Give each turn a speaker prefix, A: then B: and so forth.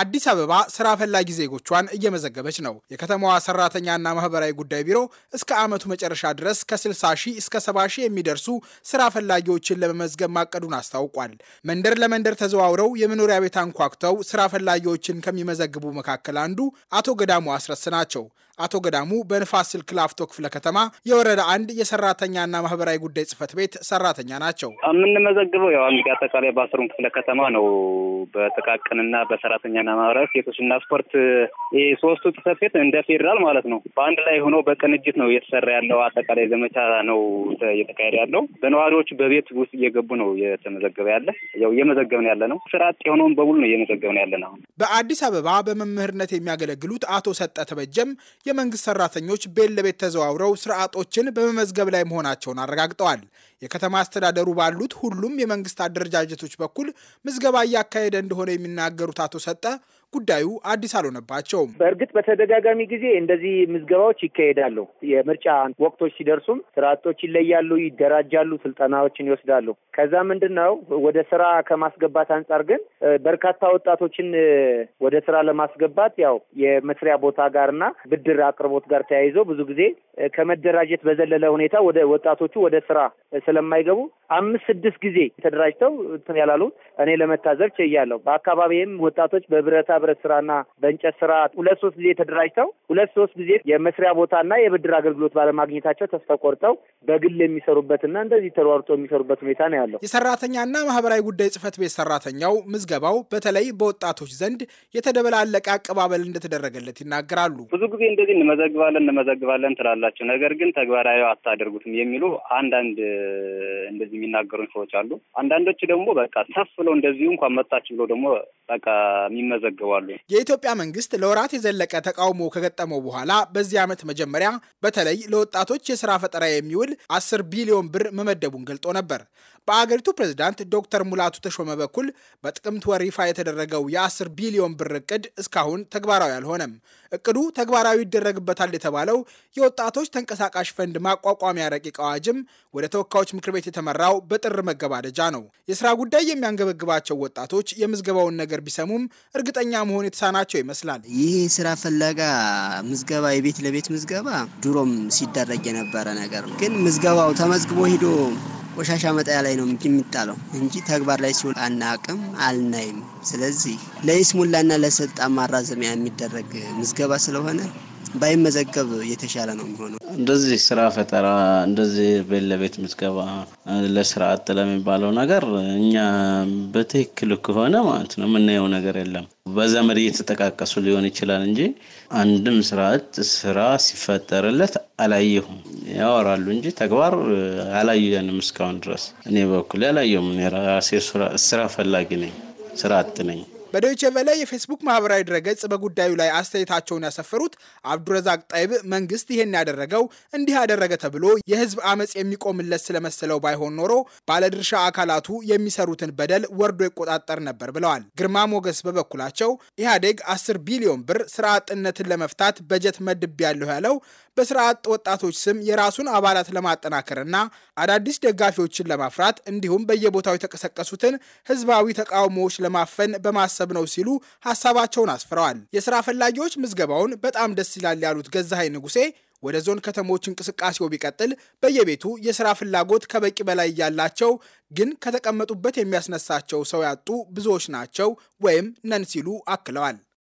A: አዲስ አበባ ስራ ፈላጊ ዜጎቿን እየመዘገበች ነው። የከተማዋ ሰራተኛና ማህበራዊ ጉዳይ ቢሮ እስከ ዓመቱ መጨረሻ ድረስ ከ60 ሺህ እስከ 70 ሺህ የሚደርሱ ስራ ፈላጊዎችን ለመመዝገብ ማቀዱን አስታውቋል። መንደር ለመንደር ተዘዋውረው የመኖሪያ ቤት አንኳኩተው ስራ ፈላጊዎችን ከሚመዘግቡ መካከል አንዱ አቶ ገዳሙ አስረስ ናቸው። አቶ ገዳሙ በንፋስ ስልክ ላፍቶ ክፍለ ከተማ የወረዳ አንድ የሰራተኛና ማህበራዊ ጉዳይ ጽህፈት ቤት ሰራተኛ ናቸው።
B: የምንመዘግበው ያው እንግዲህ አጠቃላይ በአስሩም ክፍለ ከተማ ነው። በጥቃቅንና በሰራተኛና ማህበራዊ ሴቶችና ስፖርት ሶስቱ ጽህፈት ቤት እንደ ፌዴራል ማለት ነው በአንድ ላይ ሆኖ በቅንጅት ነው እየተሰራ ያለው። አጠቃላይ ዘመቻ ነው እየተካሄደ ያለው። በነዋሪዎች በቤት ውስጥ እየገቡ ነው እየተመዘገበ ያለ ያው ነው ያለ ነው። ስራ አጥ የሆነውን በሙሉ ነው ነው ያለ ነው።
A: በአዲስ አበባ በመምህርነት የሚያገለግሉት አቶ ሰጠ ተበጀም የመንግስት ሰራተኞች ቤት ለቤት ተዘዋውረው ስርዓቶችን በመመዝገብ ላይ መሆናቸውን አረጋግጠዋል። የከተማ አስተዳደሩ ባሉት ሁሉም የመንግስት አደረጃጀቶች በኩል ምዝገባ እያካሄደ እንደሆነ የሚናገሩት አቶ ሰጠ ጉዳዩ አዲስ አልሆነባቸውም። በእርግጥ በተደጋጋሚ ጊዜ እንደዚህ ምዝገባዎች ይካሄዳሉ።
C: የምርጫ ወቅቶች ሲደርሱም ስራ ይለያሉ፣ ይደራጃሉ፣ ስልጠናዎችን ይወስዳሉ። ከዛ ምንድን ነው ወደ ስራ ከማስገባት አንጻር ግን በርካታ ወጣቶችን ወደ ስራ ለማስገባት ያው የመስሪያ ቦታ ጋርና ብድር አቅርቦት ጋር ተያይዞ ብዙ ጊዜ ከመደራጀት በዘለለ ሁኔታ ወደ ወጣቶቹ ወደ ስራ ስለማይገቡ አምስት ስድስት ጊዜ ተደራጅተው እንትን ያላሉ እኔ ለመታዘብ ችያለሁ። በአካባቢም ወጣቶች በብረታ ብረት ስራና በእንጨት ስራ ሁለት ሶስት ጊዜ ተደራጅተው ሁለት ሶስት ጊዜ የመስሪያ ቦታና የብድር አገልግሎት ባለማግኘታቸው ተስፋ ቆርጠው በግል የሚሰሩበትና እንደዚህ ተሯርጦ የሚሰሩበት ሁኔታ ነው
A: ያለው። የሰራተኛና ማህበራዊ ጉዳይ ጽህፈት ቤት ሰራተኛው ምዝገባው በተለይ በወጣቶች ዘንድ የተደበላለቀ አቀባበል እንደተደረገለት ይናገራሉ። ብዙ ጊዜ እንደዚህ
B: እንመዘግባለን እንመዘግባለን ትላላቸው፣ ነገር ግን ተግባራዊ አታደርጉትም የሚሉ አንዳንድ እንደዚህ የሚናገሩን ሰዎች አሉ። አንዳንዶች ደግሞ በቃ ሰፍ ብለው እንደዚሁ እንኳን መጣች ብሎ ደግሞ በቃ የሚመዘግባሉ።
A: የኢትዮጵያ መንግስት ለወራት የዘለቀ ተቃውሞ ከገጠመው በኋላ በዚህ ዓመት መጀመሪያ በተለይ ለወጣቶች የስራ ፈጠራ የሚውል አስር ቢሊዮን ብር መመደቡን ገልጦ ነበር። በአገሪቱ ፕሬዝዳንት ዶክተር ሙላቱ ተሾመ በኩል በጥቅምት ወር ይፋ የተደረገው የአስር ቢሊዮን ብር እቅድ እስካሁን ተግባራዊ አልሆነም። እቅዱ ተግባራዊ ይደረግበታል የተባለው የወጣቶች ተንቀሳቃሽ ፈንድ ማቋቋሚያ ረቂቅ አዋጅም ወደ ተወካዮች ተወካዮች ምክር ቤት የተመራው በጥር መገባደጃ ነው። የስራ ጉዳይ የሚያንገበግባቸው ወጣቶች የምዝገባውን ነገር ቢሰሙም እርግጠኛ መሆን የተሳናቸው ይመስላል። ይህ ስራ ፈለጋ ምዝገባ፣ የቤት ለቤት ምዝገባ ድሮም ሲደረግ የነበረ ነገር ነው። ግን ምዝገባው ተመዝግቦ ሂዶ ቆሻሻ መጣያ ላይ ነው የሚጣለው እንጂ ተግባር ላይ ሲውል አናቅም አልናይም። ስለዚህ ለይስሙላና ለስልጣን ማራዘሚያ የሚደረግ ምዝገባ ስለሆነ ባይመዘገብ የተሻለ ነው የሚሆነው።
D: እንደዚህ ስራ ፈጠራ እንደዚህ ቤት ለቤት ምዝገባ ለስራ አጥ ለሚባለው ነገር እኛ በትክክል ከሆነ ማለት ነው የምናየው ነገር የለም። በዘመድ እየተጠቃቀሱ ሊሆን ይችላል እንጂ አንድም ስራ አጥ ስራ ሲፈጠርለት አላየሁም። ያወራሉ እንጂ ተግባር አላየንም እስካሁን ድረስ። እኔ በኩል አላየሁም። ራሴ ስራ ፈላጊ ነኝ፣ ስራ አጥ ነኝ።
A: በዶይቼ ቬለ የፌስቡክ ማህበራዊ ድረገጽ በጉዳዩ ላይ አስተያየታቸውን ያሰፈሩት አብዱረዛቅ ጣይብ መንግስት ይሄን ያደረገው እንዲህ ያደረገ ተብሎ የህዝብ አመፅ የሚቆምለት ስለመሰለው ባይሆን ኖሮ ባለድርሻ አካላቱ የሚሰሩትን በደል ወርዶ ይቆጣጠር ነበር ብለዋል። ግርማ ሞገስ በበኩላቸው ኢህአዴግ 10 ቢሊዮን ብር ስራ አጥነትን ለመፍታት በጀት ያለሁ ያለው በስራ አጥ ወጣቶች ስም የራሱን አባላት ለማጠናከርና አዳዲስ ደጋፊዎችን ለማፍራት እንዲሁም በየቦታው የተቀሰቀሱትን ህዝባዊ ተቃውሞዎች ለማፈን በማሰብ ማሰብ ነው ሲሉ ሀሳባቸውን አስፍረዋል። የስራ ፈላጊዎች ምዝገባውን በጣም ደስ ይላል ያሉት ገዛሀይ ንጉሴ ወደ ዞን ከተሞች እንቅስቃሴው ቢቀጥል በየቤቱ የስራ ፍላጎት ከበቂ በላይ ያላቸው ግን ከተቀመጡበት የሚያስነሳቸው ሰው ያጡ ብዙዎች ናቸው ወይም ነን ሲሉ አክለዋል።